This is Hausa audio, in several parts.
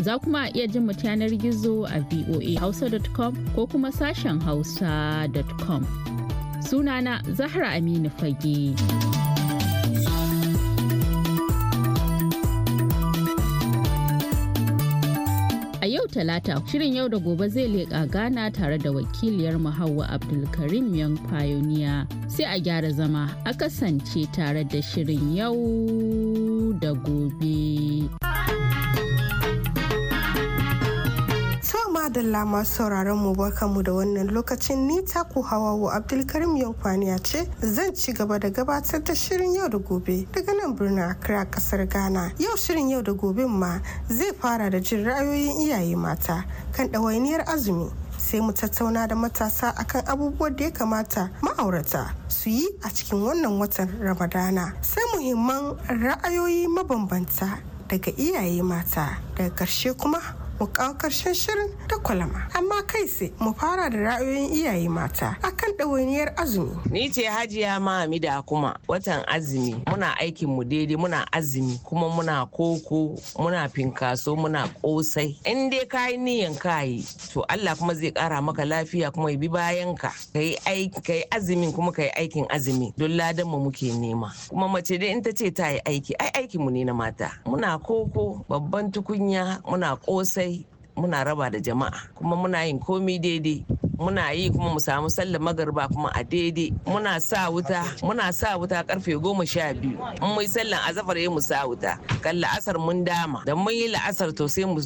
Za kuma iya jin mu yanar gizo a voahausa.com ko kuma sashen hausa.com. Sunana Zahra Aminu Fage. A yau talata shirin yau da gobe zai leƙa ghana tare da wakiliyar hauwa abdulkarim yan pioneer sai a gyara zama a kasance tare da shirin yau da gobe. Madalla masu sauraron mu mu da wannan lokacin ni ta taku hawawo Abdulkarim Yankwaniya ce zan ci gaba da gabatar da shirin yau da gobe daga nan birnin Accra kasar Ghana. Yau shirin yau da gobe ma zai fara da jin ra'ayoyin iyaye mata kan ɗawainiyar azumi sai mu tattauna da matasa akan abubuwan da ya kamata ma'aurata su yi a cikin wannan watan Ramadana sai muhimman ra'ayoyi mabambanta daga iyaye mata daga ƙarshe kuma mu kawo karshen shirin da kwalama. Amma kai sai mu fara da ra'ayoyin iyaye mata akan ɗawainiyar azumi. Ni ce Hajiya Mahamida kuma watan azumi muna aikin mu daidai muna azumi kuma muna koko muna finkaso muna kosai. In dai ka yi niyan ka yi to Allah kuma zai kara maka lafiya kuma ya bi bayan ka. Ka yi azumin kuma ka aikin azumi don ladan mu muke nema. Kuma mace dai in ta ce ta yi aiki ai aikin mu ne na mata. Muna koko babban tukunya muna kosai muna raba da jama'a kuma muna yin komi daidai muna yi kuma mu samu sallar magarba kuma a daidai muna sa wuta muna sa wuta karfe goma sha biyu in mun sallar azafar mu sa wuta kan la'asar mun dama da mun yi la'asar to sai mu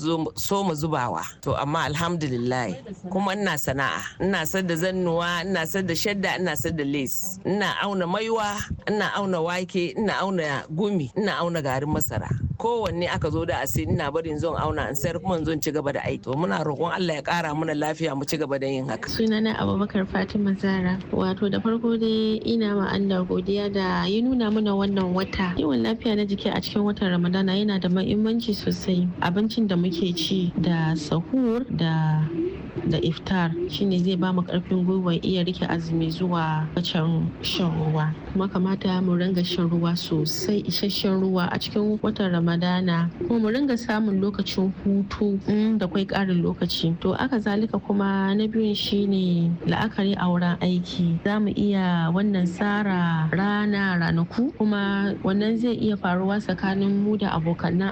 so mu zubawa to amma alhamdulillah kuma ina sana'a ina da zannuwa ina da shadda ina da lace ina auna maiwa ina auna wake ina auna gumi ina auna garin masara kowanne aka zo da asiri ina barin zan auna in sayar kuma zon ci gaba da aiki to muna roƙon Allah ya ƙara mana lafiya mu ci gaba da yin haka sunana Abubakar Fatima Zara wato da farko dai ina ma Allah godiya da ya nuna mana wannan wata kiwon lafiya na jiki a cikin watan Ramadana yana da muhimmanci sosai abincin da muke ci da sahur da da iftar shine zai ba mu karfin gwiwa iya rike azumi zuwa wacan shan ruwa kuma kamata mu ringa shan ruwa sosai isasshen ruwa a cikin watan ramadana kuma mu ringa samun lokacin hutu mm, da kwai karin lokaci to aka zalika kuma na biyun shine la'akari a wurin aiki za mu iya wannan tsara rana ranaku kuma wannan zai iya faruwa tsakanin mu da abokan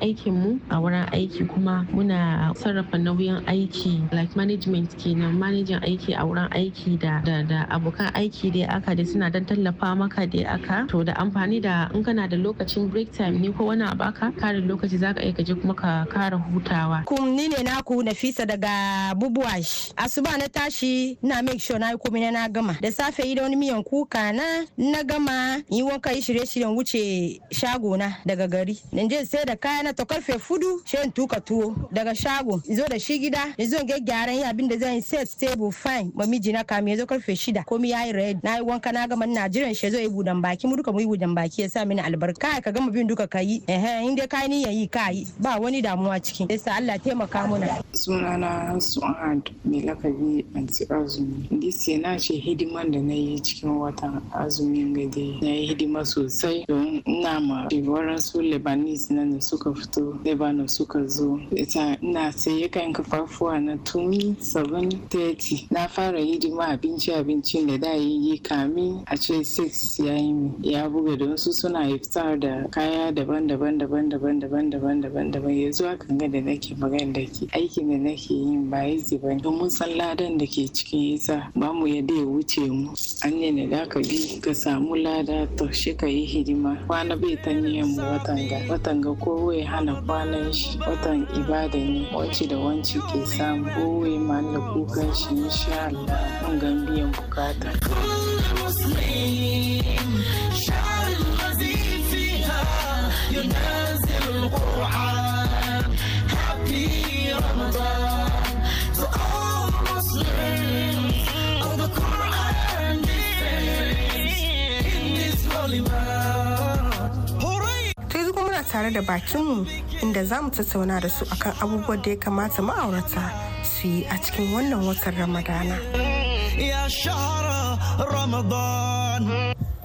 aikin mu a wurin aiki kuma muna sarrafa nauyin aiki like management kenan manajan aiki a wurin aiki da da abokan aiki dai aka dai suna dan tallafa maka dai aka to da amfani da in kana da lokacin break time ne ko wani abu aka kare lokaci zaka iya kaje kuma ka kara hutawa kum ni ne naku Nafisa daga Bubuwash asuba na tashi na make sure na yi komai na gama da safe yi da wani miyan kuka na na gama yi wanka yi shirye-shiryen wuce shago na daga gari in je sai da kaya na to karfe fudu shi tuka tuwo daga shago zo da shi gida zo gyaggyara yi abinda zan zan set stable fine ma miji na kamin zo karfe shida komi yayi red na yi wanka na gama na jiran shi zo yi budan baki mu duka mu yi budan baki ya sa mini albarka ka gama bin duka kayi eh eh inda ka ni yayi yi. ba wani damuwa cikin sa Allah taimaka mana sunana Su'ad mai lakabi anti azumi disi na ce hidiman da na yi cikin watan azumin gade na yi hidima sosai don ina ma shigoran su Lebanese nan da suka fito Lebanon suka zo ita ina sai yakan kafafuwa na tun 7:30 na fara hidima abinci abincin da da yi kami a ce 6 ya yi ya buga da wasu suna iftar da kaya daban-daban daban-daban daban-daban daban-daban ya zuwa ga da nake magana da ke aikin da nake yin ba yi ba ne. mun san ladan da ke cikin yasa ba mu yadda ya wuce mu an ne da ka bi ka samu lada to shi ka yi hidima kwana bai ta niyan mu watan ga watan ga ko hana kwanan shi watan ibada ne wanci da wanci ke samu boye mana kukan shi insha Allah mun ga biyan bukata tare da bakinmu inda za mu tattauna da su akan abubuwan da ya kamata ma'aurata su yi a cikin wannan watan ramadana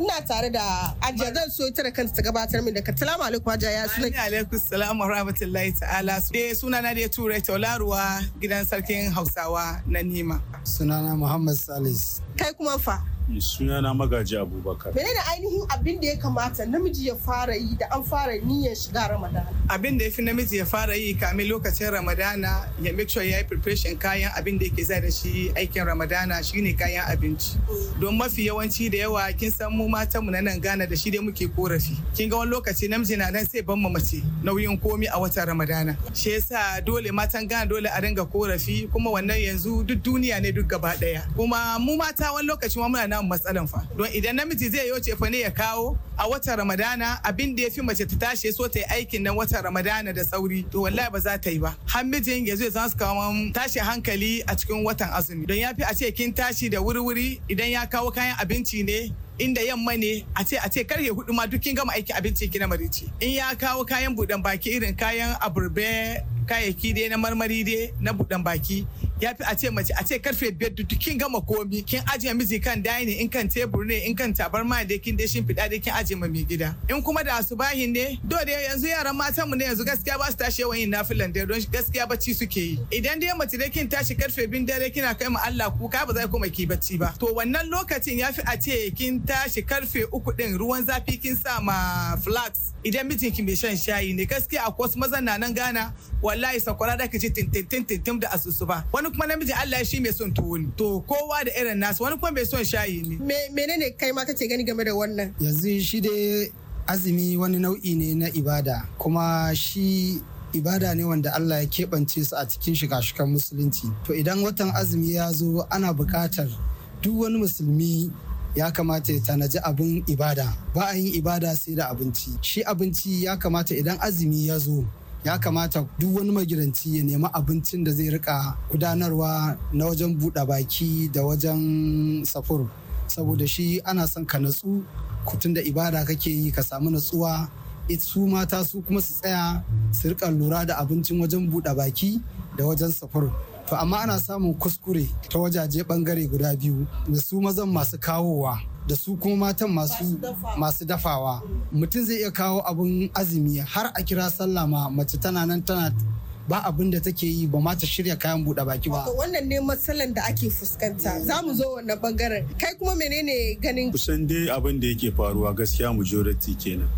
ina tare da ajiya zan so tare kanta ta gabatar min da katalamu alaikum ajiya ya suna Ani alaikum salam wa rahmatullahi ta'ala eh sunana da turai taularuwa gidan sarkin hausawa na nima sunana muhammad salis kai kuma fa suna na magaji abubakar da ainihin abin da ya kamata namiji ya fara yi da an fara niyyar shiga ramadana abin da ya fi namiji ya fara yi kamin lokacin ramadana ya make sure ya yi preparation kayan abin da yake zai da shi aikin ramadana shine kayan abinci don mafi yawanci da yawa kin san mu matanmu na nan gana da shi dai muke korafi kin ga wani lokaci namiji na nan sai ban ma mace nauyin komi a watan ramadana shi yasa dole matan gana dole a dinga korafi kuma wannan yanzu duk duniya ne duk gaba daya kuma mu mata wani lokaci ma muna namu matsalan fa don idan namiji zai yi fa ne ya kawo a watan ramadana abin da ya fi mace ta tashi so ta yi aikin na watan ramadana da sauri to wallahi ba za ta yi ba har mijin ya zo ya su kawo tashi hankali a cikin watan azumi don ya fi a ce kin tashi da wuri-wuri idan ya kawo kayan abinci ne inda yamma ne a ce a ce karye hudu ma duk kin gama aiki abinci kina marici in ya kawo kayan buɗan baki irin kayan aburbe kayayyaki dai na marmari dai na buɗan baki ya fi a ce mace a ce karfe biyar duk kin gama komi kin ajiye miji kan dayini in kan tebur ne in kan tabarma da kin dai shin fida da kin ajiye ma mai gida in kuma da asubahin ne do da yanzu yaran matan mu ne yanzu gaskiya ba su tashi yawan yin nafilan dare don gaskiya bacci suke yi idan dai mace da kin tashi karfe bin dare kina kai ma Allah kuka ba zai kuma ki bacci ba to wannan lokacin ya fi a ce kin tashi karfe uku din ruwan zafi kin sa ma flax idan mijin ki mai shan shayi ne gaskiya akwai wasu mazan na nan gana wallahi sakwara da kace tintin tintin da asusu ba wani kuma namiji Allah shi mai son tuwo to kowa da irin nasu wani kuma mai son shayi ne menene kai ma kace gani game da wannan yanzu shi dai azumi wani nau'i ne na ibada kuma shi ibada ne wanda Allah ya keɓance su a cikin shiga-shigan musulunci to idan watan azumi ya zo ana buƙatar duk wani musulmi ya kamata ya tanaji abin ibada ba a yin ibada sai da abinci shi abinci ya kamata idan azumi ya zo ya kamata duk wani magidanci ya nemi abincin da zai rika gudanarwa na wajen buɗe baki da wajen safur saboda shi ana son ka natsu kutun da ibada kake yi ka samu natsuwa su mata su kuma su tsaya su rika lura da abincin wajen buɗe baki da wajen safur to amma ana samun kuskure ta wajaje bangare guda biyu da su mazan masu kawowa da su kuma matan masu dafawa mutum zai iya kawo abun azumi har a kira sallah ma mace tana nan tana ba abin da take yi ba ma shirya kayan buɗe baki ba. Wannan ne matsalan da ake fuskanta. Mm. Za mu zo wannan bangaren. Kai kuma menene ganin? Kusan dai abin da yake faruwa gaskiya majority kenan.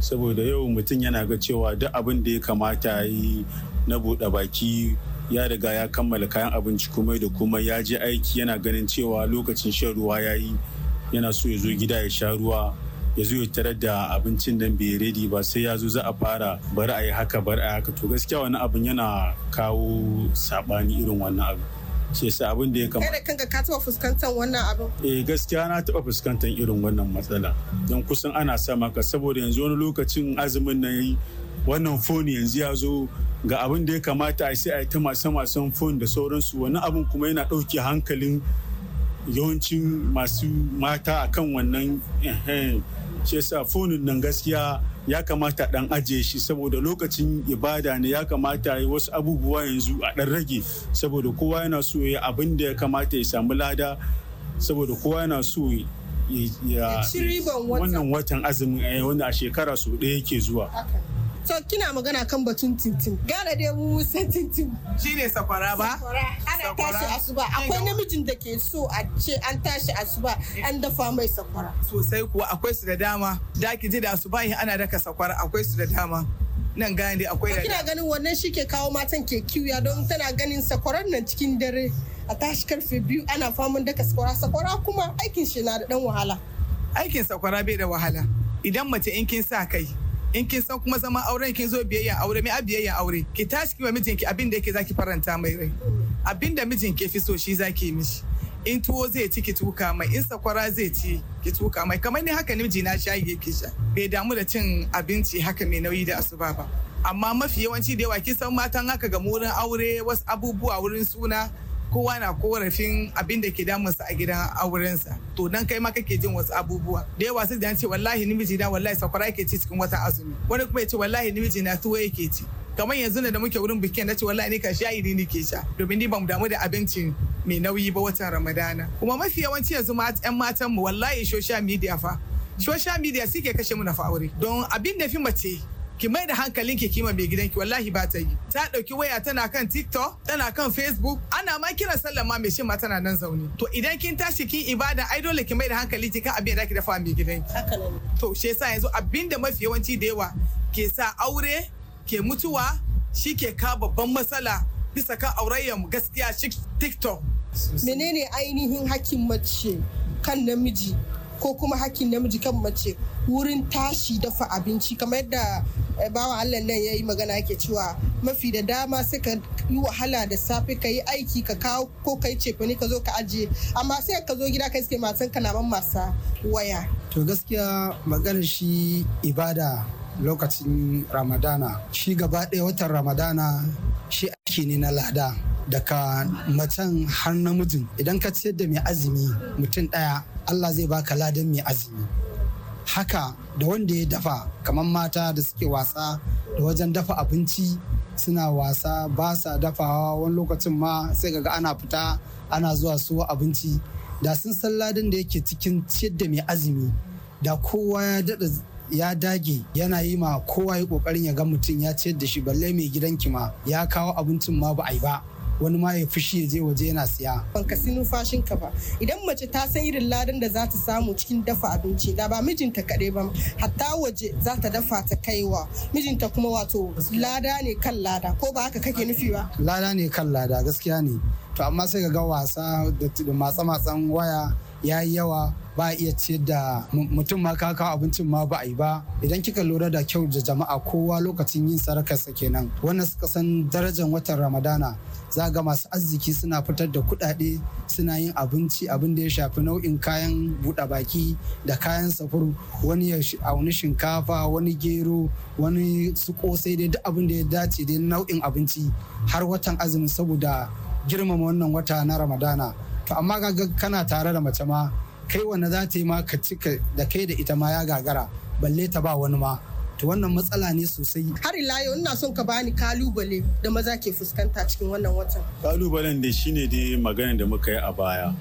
Saboda yau mutum yana ga cewa duk abin da ya kamata yi na buɗe baki ya riga ya kammala kayan abinci kuma da kuma ya je aiki yana ganin cewa lokacin shan ruwa ya yi. yana so ya zo gida ya sha ruwa ya zo ya tarar da abincin nan bai redi ba sai ya zo za a fara bar a yi haka bar a yi haka to gaskiya wani abin yana kawo saɓani irin wannan abu ce sa abin da ya kama. Kai da kanka ka taɓa fuskantar wannan abin? Eh gaskiya na taɓa fuskantar irin wannan matsala. Don kusan ana sa maka saboda yanzu wani lokacin azumin na yi wannan foni yanzu ya zo ga abin da ya kamata a sai a yi ta masu masan phone da sauransu wani abin kuma yana ɗauke hankalin yawancin masu mata a kan wannan shi yasa fonin nan gaskiya ya kamata dan ajiye shi saboda lokacin ibada ne ya kamata yi wasu abubuwa yanzu a dan rage saboda kowa yana so ya abin da ya kamata ya samu lada saboda kowa yana so ya wannan watan azumin eh, a shekara so ɗaya yake zuwa so kina magana kan batun tintin gane dai mu musa tintin shine sakwara ba ana tashi asuba akwai namijin da ke so a ce an tashi asuba an dafa mai sakwara sosai kuwa akwai su da dama da ki ji da asuba ana daka sakwara akwai su da dama nan gane dai akwai da dama. kina ganin wannan shi ke kawo matan ke kiwiya don tana ganin sakwaran nan cikin dare a tashi karfe biyu ana faman daka sakwara sakwara kuma aikin shi na da dan wahala aikin sakwara bai da wahala idan mace in kin sa kai in kin san kuma zama auren kin zo biyayya aure me a aure ki tashi kiwa mijinki abin da yake zaki faranta mai rai abin da mijin ke fi so shi zaki yi mishi in tuwo zai ci ki tuka mai in sakwara zai ci ki tuka mai kamar ni haka miji na shayi yake sha bai damu da cin abinci haka mai nauyi da asuba ba amma mafi yawanci da yawa kin san matan haka ga wurin aure wasu abubuwa wurin suna kowa na korafin abin da ke damunsa a gidan aurensa to dan kai ma kake jin wasu abubuwa da yawa sai da ce wallahi namiji na wallahi sakwara yake ci cikin wata azumi wani kuma ya ce wallahi namiji na tuwo yake ci kamar yanzu da muke wurin bikin na ce wallahi ni ka shayi ni ke sha domin ni bamu damu da abincin mai nauyi ba watan ramadana kuma mafi yawanci yanzu yan matan mu wallahi social media fa social media suke kashe mu na fa aure don abin da fi mace ki mai da hankalin ki kima mai gidanki wallahi ba ta yi ta dauki waya tana kan tiktok tana kan facebook ana ma kiran sallan ma mai shin ma tana nan zaune to idan kin tashi kin ibada ai dole ki mai da hankali ki kan abin da ki dafa mai gidanki haka ne to shi yasa yanzu abin da mafi yawanci da yawa ke sa aure ke mutuwa shi ke ka babban matsala bisa kan aurayyar gaskiya tiktok menene ainihin hakkin mace kan namiji ko kuma hakkin namiji kan mace wurin tashi dafa abinci kamar yadda eh, bawa Allah nan ya yi magana yake cewa mafi da dama sai ka yi wahala da safe ka yi aiki ka kawo ko ka yi cefani ka zo ka ajiye amma sai ka zo gida ka iske matan ka naman masa waya. To gaskiya maganar shi ibada lokacin ramadana shi gaba ɗaya watan ramadana shi aiki ne na lada daga macen har namijin idan ka ciyar da mai azumi mutum ɗaya Allah zai baka ladan mai azumi haka da wanda ya dafa kamar mata da suke wasa da wajen dafa abinci suna wasa ba sa dafawa wani lokacin ma sai ga ana fita ana zuwa suwa abinci da sun san ladan da yake cikin ciyar da mai azumi da kowa ya dada ya dage yana yi ma kowa ya kokarin ya ga mutum ya ciyar da shi balle mai gidanki ma ya kawo abincin ma ba a yi ba wani ma ya fushi ya je waje yana siya. Ban kasi numfashin ka ba. Idan mace ta san irin ladan da za ta samu cikin dafa abinci da ba mijinta kaɗai ba hatta waje za ta dafa ta kaiwa mijinta kuma wato lada ne kan lada ko ba haka kake nufi ba. Lada ne kan lada gaskiya ne. To amma sai ka ga wasa da matsa-matsan waya ya yi yawa ba a iya ciyar da mutum ma ka kawo abincin ma ba a yi ba idan kika lura da kyau da jama'a kowa lokacin yin sarakarsa kenan wannan suka san darajar watan ramadana za ga masu arziki suna fitar da kuɗaɗe suna yin abinci abin da ya shafi nau'in kayan buɗa baki da kayan safur wani ya auni shinkafa wani gero wani su kosai dai duk abin da ya dace dai nau'in abinci har watan azumi saboda girmama wannan wata na ramadana to amma ga kana tare da mace ma kai wanda za ta yi ma ka cika da kai da ita ma ya gagara balle ta ba wani ma to wannan matsala ne sosai har ila yau ina son ka bani kalubale da maza ke fuskanta cikin wannan watan kalubalen da shine dai magana da muka yi a baya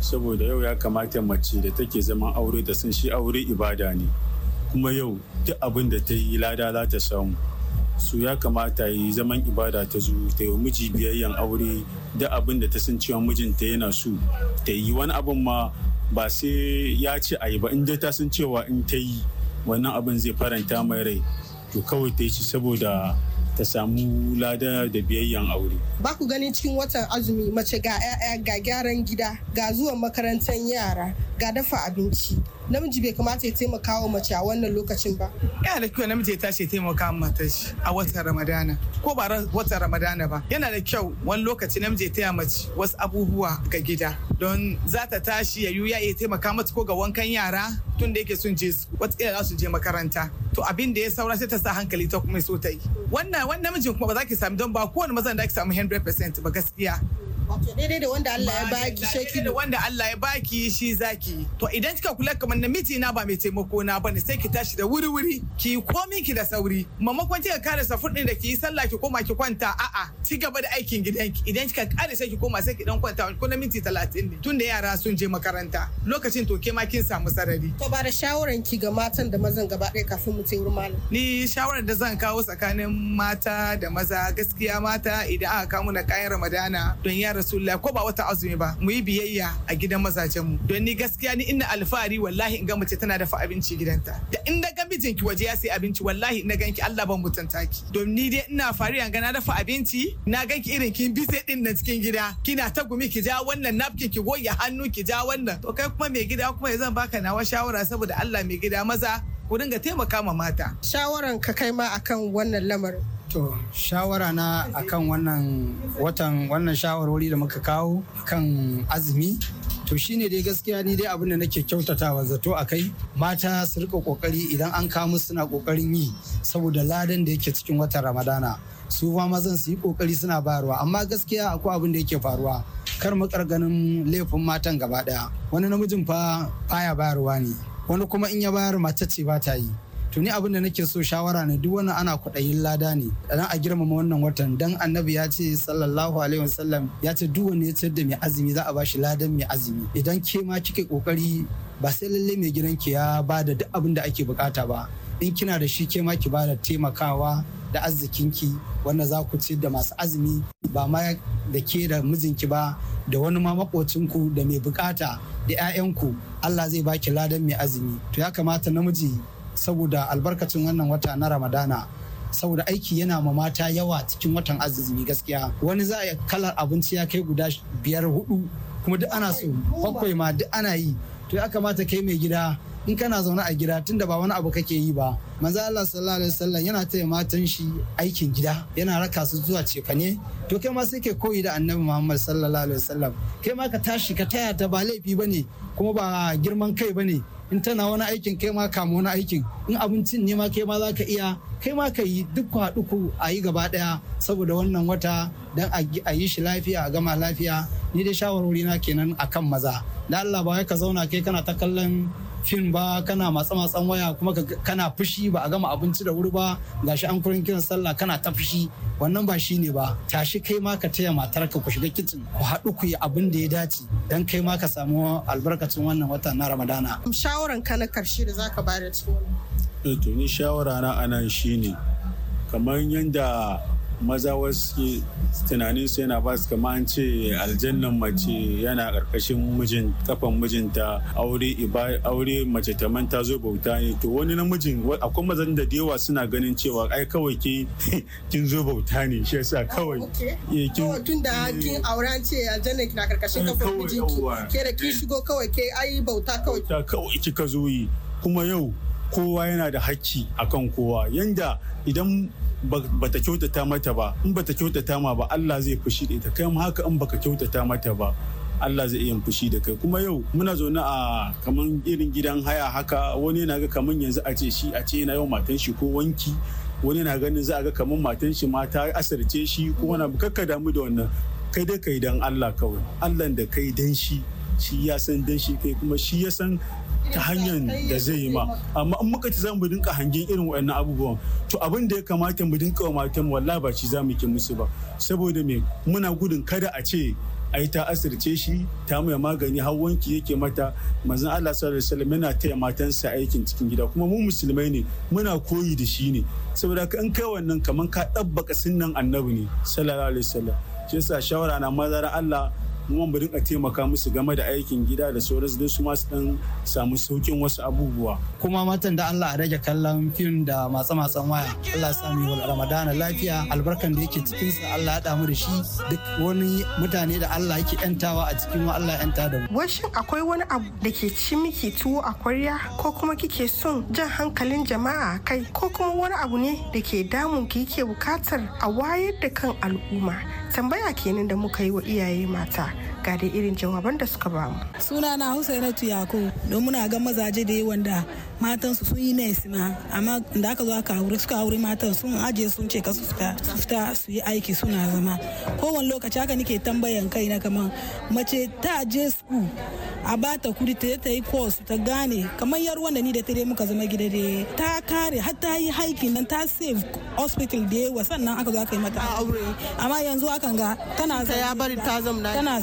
saboda yau ya kamata mace da take zaman aure da sun shi aure ibada ne kuma yau duk abin da ta yi lada za ta samu su ya kamata yi zaman ibada ta zo ta yi miji biyayyan aure da abin da ta san cewa mijinta yana su ta yi wani abin ma ba sai ya ce a yi ba in dai ta san cewa in ta yi wannan abin zai faranta mai rai to kawai ta yi saboda ta samu lada da biyayyan aure. Ba ku ganin cikin watan azumi mace ga 'ya'ya ga gyaran gida ga zuwan makarantar yara ga dafa abinci namiji bai kamata ya taimaka wa mace a wannan lokacin ba. Yana da kyau namiji ya tashi ya taimaka wa matar a watan Ramadana ko ba watan Ramadana ba. Yana da kyau wani lokaci namiji ya taya mace wasu abubuwa ga gida don za ta tashi ya yuya ya taimaka mata ko ga wankan yara tun da yake sun je wata za su je makaranta. To abin da ya saura sai ta sa hankali ta kuma so ta yi. Wannan wani namijin kuma ba za ki sami don ba kowane mazan da ake samu 100% ba gaskiya. daidai da wanda Allah ya baki da wanda Allah baki shi zaki to idan kika kula kamar namiji na ba mai taimako na bane sai ki tashi da wuri wuri ki komi ki da sauri mamakon kika kare safur din da ki yi sallah ki koma ki kwanta a'a ci gaba da aikin gidanki idan kika kare sai ki koma sai ki dan kwanta ko na minti 30 ne tunda yara sun je makaranta lokacin to ke ma kin samu sarari to ba da shawaran ki ga matan da mazan gaba ɗaya kafin mu tayi ni shawaran da zan kawo tsakanin mata da maza gaskiya mata idan aka kawo na kayan ramadana don yara rasulullah ko ba wata azumi ba mu yi biyayya a gidan mazajenmu don ni gaskiya ni ina alfahari wallahi in ga mace tana dafa abinci gidanta da in na ga mijinki waje ya sai abinci wallahi na ganki Allah ban mutunta ki don ni dai ina fari ga na dafa abinci na ganki irin kin sai din na cikin gida kina ta gumi ki ja wannan napkin ki goya hannu ki ja wannan to kai kuma mai gida kuma zan baka nawa shawara saboda Allah mai gida maza ku dinga taimaka ma mata shawaran ka kai ma akan wannan lamarin To shawara na akan wannan watan wannan shawarwari da muka kawo kan azumi to shine dai gaskiya ni dai abin da nake kyautatawa zato a kai mata su rika kokari idan an kamu suna kokarin yi saboda ladan da yake cikin watan ramadana su ma mazan su yi kokari suna bayarwa amma gaskiya akwai abin da yake faruwa kar mu ganin laifin matan gaba daya wani namijin fa baya bayarwa ne wani kuma in ya bayar mace ce ba ta yi to ni abin da nake so shawara ne duk wani ana kwaɗayin lada ne dan a girmama wannan watan dan annabi ya ce sallallahu alaihi wasallam ya ce duk wani ya ce da mai azumi za a ba shi ladan mai azumi idan ke ma kike kokari ba sai lalle mai gidan ki ya bada duk abin da ake bukata ba in kina da shi ke ma ki bada taimakawa da arzikinki wanda za ku ci da masu azumi ba ma da ke da mijinki ba da wani ma makocinku da mai bukata da 'ya'yanku Allah zai baki ladan mai azumi to ya kamata namiji saboda albarkacin wannan wata na ramadana saboda aiki yana ma mata yawa cikin watan azumi gaskiya wani za a kalar abinci ya kai guda biyar hudu kuma duk ana so bakwai ma duk ana yi to ya kamata kai mai gida in kana zaune a gida tunda ba wani abu kake yi ba maza Allah sallallahu alaihi wasallam yana taya matan shi aikin gida yana raka su zuwa cefane to kai ma sai ke koyi da annabi Muhammad sallallahu alaihi wasallam kai ma ka tashi ka taya ta ba laifi bane kuma ba girman kai bane in tana wani aikin kai ma kama wani aikin in abincin ne ma kai ma za ka iya kai ma ka yi duk haɗu a yi gaba ɗaya saboda wannan wata don a yi shi lafiya a gama lafiya ni dai shawarwari na kenan akan maza da Allah ba ka zauna kai kana ta kallon fim ba kana matsa matsan waya kuma kana fushi ba a gama abinci da wuri ba gashi an kurin kiran sallah kana ta fushi wannan ba shi ne ba tashi kai ma ka taya matarka ku shiga kicin ku haɗu ku yi abin da ya dace dan kai ma ka samu albarkacin wannan watan na ramadana shawaran ka na karshe da zaka bayar cikin wannan eh, to ni shawara na anan shine kamar yadda maza wasu tunanin su yana ba su kama an ce aljannan mace yana karkashin mijin kafan mijinta aure aure mace ta manta zo bauta ne to wani namijin akwai mazan da dewa suna ganin cewa ai kawai ke kin zo bauta ne shi yasa kawai ah, eh, kin tun da eh. kin an ce aljannan kina karkashin kafan eh, mijinki ke da kin shigo kawai ke ai bauta kawai ta kawai kika zo yi kuma yau kowa yana da hakki akan kowa yanda idan ba ta kyautata mata ba in ba ta kyautata ma ba Allah zai fushi da ita kai ma haka in baka kyautata mata ba Allah zai iya fushi da kai kuma yau muna zaune a kaman irin gidan haya haka wani yana ga kaman yanzu a ce shi a ce yana yau matan shi ko wanki wani na ganin za a ga kaman matan shi ma ta asirce shi kuma na bukakka damu da wannan kai dai kai dan Allah kawai Allah da kai dan shi shi ya san dan shi kai kuma shi ya san ta hanyar da zai yi ma amma in muka ci za mu dinka hangen irin waɗannan abubuwan to abin da ya kamata mu dinka wa matan walla ba ci za mu ki musu ba saboda me muna gudun kada a ce ai ta asirce shi ta mai magani har wanki yake mata manzon Allah sallallahu alaihi wasallam yana taya matansa aikin cikin gida kuma mu musulmai ne muna koyi da shi ne saboda ka in kai wannan kaman ka dabbaka sunnan annabi ne sallallahu alaihi wasallam shi yasa shawara na mazara Allah kuma mu dinka taimaka musu game da aikin gida da sauransu don su masu dan samu saukin wasu abubuwa kuma matan da Allah a rage kallon fim da matsa matsan waya Allah ya sami wal ramadana lafiya albarkan da yake cikin sa Allah ya damu da shi duk wani mutane da Allah yake yantawa a cikin wa Allah ya yanta da mu washin akwai wani abu da ke ci miki tuwo a kwarya ko kuma kike son jan hankalin jama'a kai ko kuma wani abu ne da ke damun ki yake bukatar a wayar da kan al'umma tambaya kenan da muka yi wa iyaye mata ga da irin jawaban da suka ba mu suna na Husainatu Yakub don muna ga mazaje da wanda matan su sun yi nesi ma amma da aka zo aka aure suka aure matan sun aje sun ce ka su fita su yi aiki suna zama kowane lokaci haka nake tambayan kai na kaman mace ta je su a ba ta kudi ta ta yi kwas ta gane kamar yar wanda ni da ta muka zama gida da ta kare har ta yi haikin nan ta save hospital da yawa sannan aka zo aka yi mata aure amma yanzu akan ga tana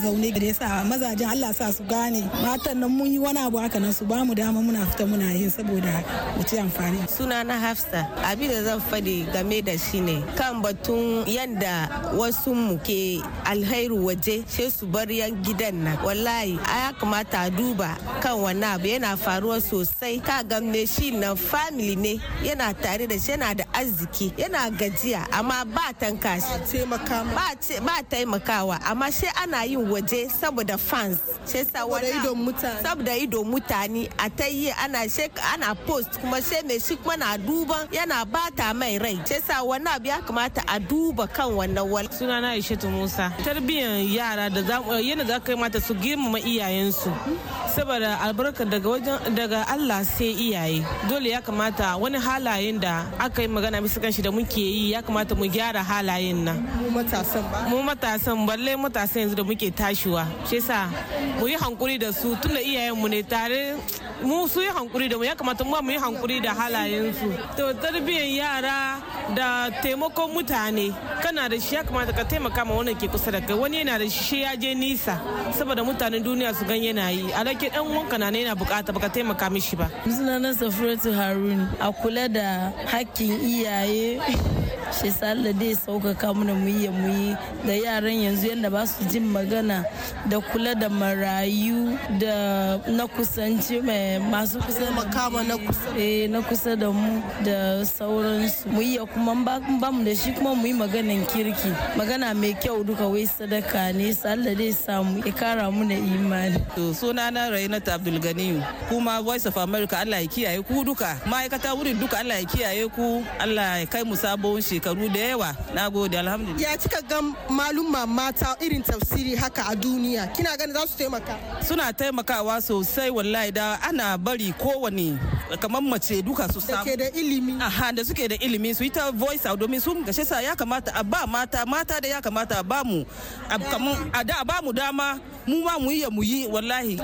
zaune da yasa mazajen Allah sa su gane matan nan mun yi wani abu haka nan su bamu dama muna fita muna yin saboda mu amfani suna na Hafsa abin da zan fadi game da shi ne kan batun yanda wasu mu ke alhairu waje sai su bar yan gidan nan wallahi a ya kamata a duba kan wannan abu yana faruwa sosai ka ga shi nan family ne yana tare da shi yana da arziki yana gajiya amma ba tanka ba taimakawa amma sai ana yin waje saboda fans she sa saboda ido mutane a ta yi ana ana post kuma she mai shi kuma na duban yana bata mai rai she sa wani abu ya kamata a duba kan wannan wal sunana Aishatu Musa tarbiyyar yara da eh, yana za ka mata su girmama iyayensu saboda albarka daga wajen daga Allah sai iyaye dole ya kamata wani halayen da aka yi magana bisa kan shi da muke yi ya kamata mu gyara halayen nan mu matasan ba mu matasan balle matasan yanzu da muke tashi rayuwa shi yasa mu yi hankuri da su tunda iyayen mu ne tare mu su yi hankuri da mu ya kamata mu yi hankuri da halayen su to tarbiyyar yara da taimakon mutane kana da shi ya kamata ka taimaka ma wannan ke kusa da kai wani yana da shi ya je nisa saboda mutanen duniya su gan yana yi alake dan wanka na yana bukata baka taimaka mishi ba sunana safuratu harun a kula da hakkin iyaye shi sa Allah dai sauƙaƙa mana mu yi da yaran yanzu yadda ba su jin magana da kula da marayu da na kusanci eh, masu kusa da eh na kusa da mu da sauransu mu yi kuma ba mu da shi kuma mu yi maganan kirki magana mai kyau duka wai sadaka ne sa Allah dai samu ya kara mu da imani to suna na Rainat Abdulganiyu kuma Voice of America Allah ya kiyaye ku duka ma'aikata wurin duka Allah ya kiyaye ku Allah ya kai mu sabon shi shekaru da yawa na gode alhamdulillah ya cika ga malumma mata irin tafsiri haka a duniya kina gani za su taimaka suna taimakawa sosai wallahi da ana bari kowane kamar mace duka su samu da ilimi aha da suke da ilimi su yi ta voice out domin sun gashe sa ya kamata a ba mata mata da ya kamata a ba mu a da ba mu dama mu ma mu yi ya mu yi wallahi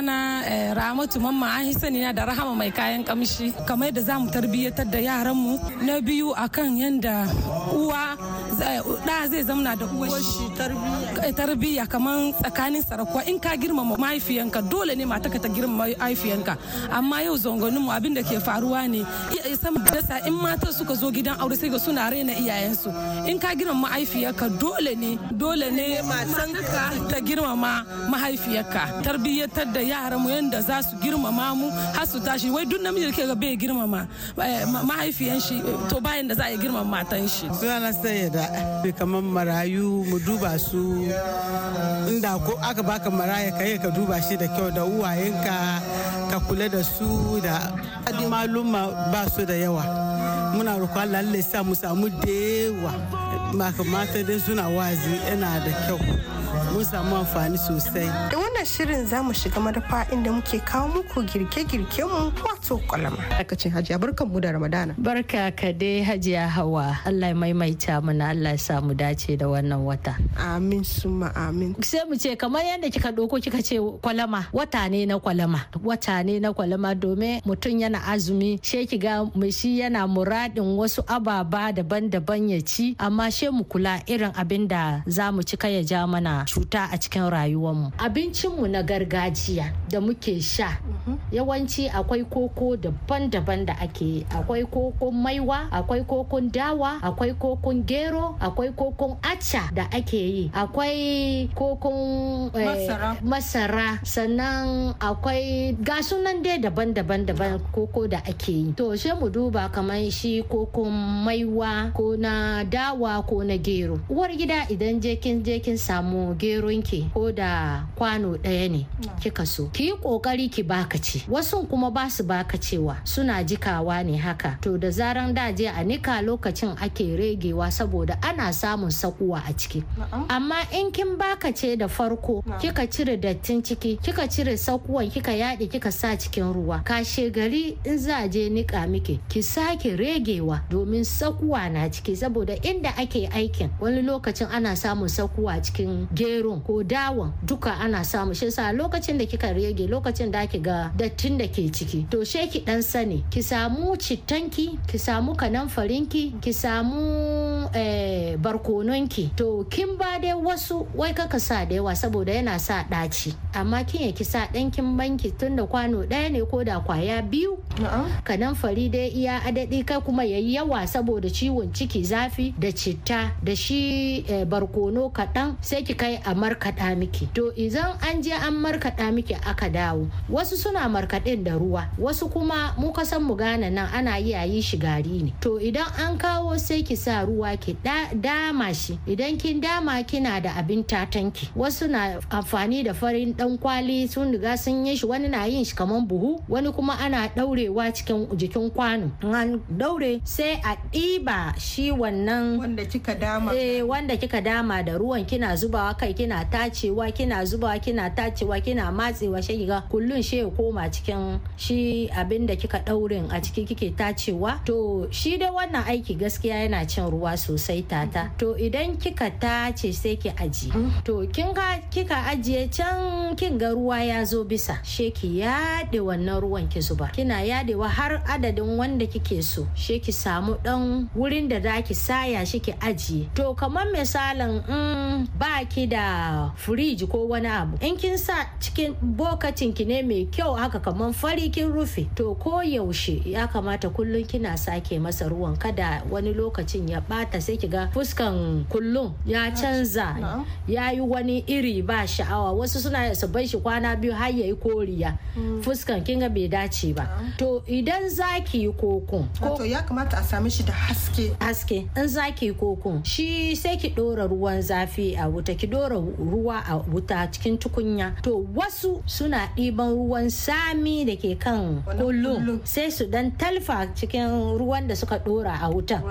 na eh, ramatu mamma an sani na da rahama mai kayan kamshi kamar yadda za mu tarbiyyatar da mu na biyu akan yanda. 啊，da zai zamna da uwashi tarbiyya kamar tsakanin sarakuwa in ka girmama mahaifiyanka dole ne mataka ta girmama mahaifiyanka amma yau zangonin mu abin da ke faruwa ne iyaye sama dasa in mata suka zo gidan aure sai ga suna raina iyayensu in ka girmama mahaifiyarka dole ne dole ne matanka ta girmama mahaifiyarka tarbiyyatar da yaran mu yanda za su girmama mu har su tashi wai duk namiji ke ga bai girmama eh, mahaifiyan shi to bayan da za a girmama matan shi sunana sai da kamar marayu mu duba su inda ko aka baka maraya kai ka duba shi da kyau da uwayenka ka kula da su da maluma ba su da yawa muna roƙo Allah Allah sa mu samu dewa yawa maka mata dai suna wazi yana da kyau mun samu amfani sosai da wannan shirin za mu shiga madafa inda muke kawo muku girke-girke mu wato kwalama Aikacin hajiya barkan mu da ramadana barka ka dai hajiya hawa allah ya maimaita mana allah ya sa mu dace da wannan wata amin suma amin sai mu ce kamar yadda kika doko kika ce kwalama wata ne na kwalama wata ne na kwalama domin mutum yana azumi sai ki ga shi yana muradin wasu ababa daban-daban ya ci amma sai mu kula irin abin da za mu ci kai ya ja mana cuta a cikin rayuwarmu abincinmu na gargajiya da muke sha mhm. yawanci akwai koko daban-daban da ake yi akwai kokon maiwa akwai kokon dawa akwai kokon gero akwai kokon acca da ake yi akwai kokon eh, masara sannan akwai gasunan dai daban-daban daban koko da ake yi to sai mu duba kamar shi kokon maiwa ko na dawa ko na gero uwar gida idan jekin jekin je kin samu kwano ki ko da kwano ɗaya ne kika so ki yi ƙoƙari ki baka ce wasu kuma ba su baka cewa suna jikawa ne haka to da zaran daje a nika lokacin ake regewa saboda ana samun sakuwa a ciki amma in kin baka ce da farko kika cire dattin ciki kika cire sakuwan kika yaɗe kika sa cikin ruwa kashe gari in za a je nika miki ki sake regewa domin sakuwa na ciki saboda inda ake aikin wani lokacin ana samun sakuwa cikin gero ko dawan duka ana samu shi sa lokacin da kika rage lokacin da ki ga dattin da ke ciki to she ki dan sani ki samu cittanki ki samu kanamfarinki ki samu eh, barkononki to kin ba dai wasu wai kaka sa da yawa saboda yana sa ɗaci amma kin ya ki sa kin banki tun da kwano daya ne ko da kwaya biyu fari dai iya adadi kai kuma yayi yawa saboda ciwon ciki zafi da citta da shi eh, barkono kaɗan sai ki kai ai a markaɗa miki to idan an je an markaɗa miki aka dawo wasu suna markaɗin da ruwa wasu kuma mu kasan mu gane nan ana iya yi shi gari ne to idan an kawo sai ki sa ruwa ki dama shi idan kin dama kina da abin tatanki wasu na amfani da farin dan kwali sun riga sun yi shi wani na yin shi kaman buhu wani kuma ana daurewa cikin jikin kwano an daure sai a ɗiba shi wannan wanda kika dama eh, wanda kika dama da ruwan kina zubawa kai kina tacewa kina zubawa kina tacewa kina matsewa shi ga kullun shi ya koma cikin shi abin da kika daurin a ciki kike tacewa to shi dai wannan aiki gaskiya yana cin ruwa sosai tata to idan kika tace sai ki aji to kin ga kika ajiye can kin ga ruwa ya zo bisa she ki yade wannan ruwan ki zuba kina yadewa har adadin wanda kike so she ki samu dan wurin da zaki saya shi ki ajiye to kamar misalin in ba ki da firiji ko wani abu in kin sa cikin bokatin ki ne mai kyau haka kamar fari kin rufe to ko yaushe ya kamata kullum kina sake masa ruwan kada wani lokacin ya bata sai ki ga fuskan kullum ya ah, canza ya yi wani iri ba sha'awa wasu suna su bar shi kwana biyu har ya yi koriya hmm. fuskan kin ga bai dace ba to idan zaki yi kokon to ya kamata a sami shi da haske haske in zaki yi kokon shi sai ki dora ruwan zafi a wuta ki ɗora ruwa a wuta cikin tukunya to wasu suna ɗiban ruwan sami da ke kan kullum sai su dan talfa cikin ruwan da suka ɗora a wutan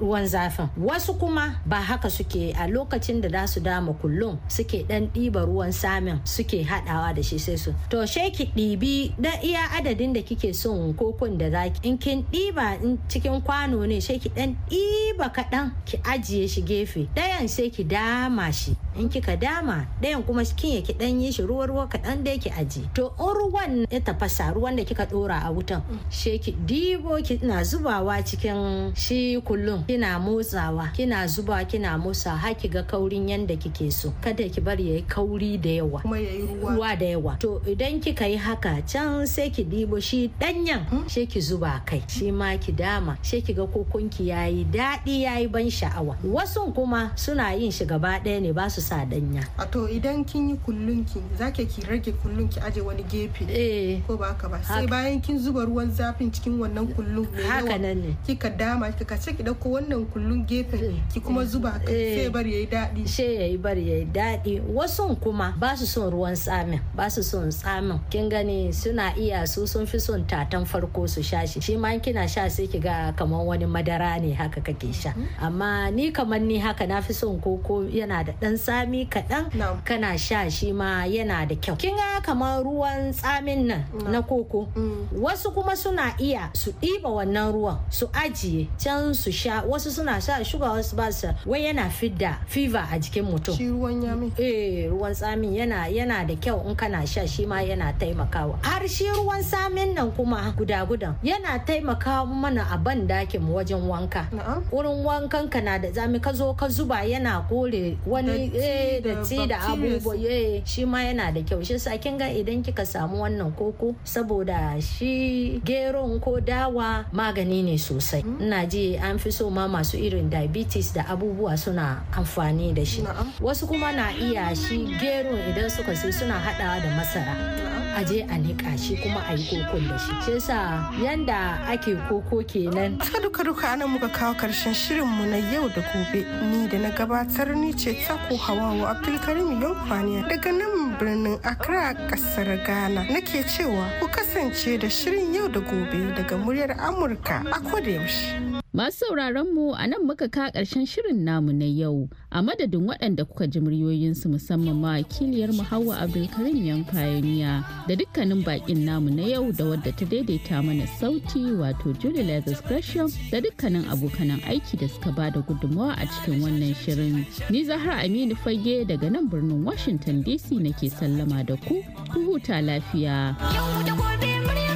ruwan zafin wasu kuma ba haka suke a lokacin da za su dama kullum suke dan ɗiba ruwan samin suke haɗawa da shi sai su to sai ki ɗibi da iya adadin da kike son kokon da zaki in kin ɗiba cikin kwano ne sai ki dan ɗiba kaɗan ki ajiye shi gefe ɗayan sai ki dama shi in kika dama ɗayan kuma kin yake dan yi shi ruwa ruwa kaɗan da yake aji to in ruwan ya tafasa ruwan da kika ɗora a wutan she ki dibo kina zubawa cikin shi kullum kina motsawa kina zuba kina motsa ha ki ga kaurin yanda kike so kada ki bari yayi kauri da yawa kuma yayi ruwa da yawa to idan kika yi haka can sai ki dibo shi danyen hmm? she ki zuba kai shi ma ki dama she ki ga kokonki yayi daɗi yayi ban sha'awa wasu kuma suna yin shi gaba ɗaya ne ba su sa danya a to idan kin yi kullun ki zake ki rage kullun ki aje wani gefe eh ko ba haka ba sai bayan kin zuba ruwan zafin cikin wannan kullun mai haka nan ne kika dama ki ce ki dauko wannan kullun gefen eh, ki kuma eh, zuba ka eh. sai bar yayi dadi sai yayi bar yayi dadi wasun kuma ba su son ruwan tsamin ba su son tsamin kin gani suna iya su sun fi son tatan farko su sha shi shi ma kina sha sai ki ga kamar wani madara ne haka kake sha mm-hmm. amma ni kamar ni haka na fi son koko yana da dan sa tsami kaɗan kana sha shi ma yana da kyau kin ga kamar ruwan tsamin nan na koko mm. wasu kuma suna iya su ɗiba wannan ruwan su ajiye can su sha wasu suna sha shuga wasu ba su wai yana fidda fiva a jikin mutum shi ruwan yami eh ruwan tsamin yana yana da kyau in kana sha shi ma yana taimakawa har shi ruwan tsamin nan kuma guda gudan yana taimaka mana a ban dakin wajen wanka wurin wankan ka na da tsami ka zo ka zuba yana kore wani Eh, da ci da abubuwa eh, shi ma yana da kyau shi kin ga idan kika samu wannan koko saboda shi geron ko dawa magani ne sosai mm-hmm. ina ji an fi so ma masu irin diabetes da abubuwa suna amfani da shi wasu kuma na iya shi geron idan suka sai suna hadawa da masara a je a niƙa shi kuma a yi kokon da shi shi yasa yanda ake koko kenan ta duka duka anan muka kawo karshen mu na yau da gobe ni da na gabatar ni ce ta ko Hawawu Abdulkarim Yankwaniya daga nan birnin Accra kasar Ghana nake cewa ku kasance da shirin yau da gobe daga muryar Amurka a kodayaushe. Masu sauraron mu a nan muka ka ƙarshen shirin namu na yau a madadin waɗanda kuka ji muryoyinsu musamman ma kiliyar mu Hauwa Abdulkarim yan fayaniya da dukkanin baƙin namu na yau da wadda ta daidaita mana sauti wato Julie Gresham da dukkanin abokanan aiki da suka bada gudunmawa a cikin wannan shirin. Ni Zahra Aminu Fage daga nan birnin Washington DC nake sallama da ku, ku huta lafiya. Yau da gobe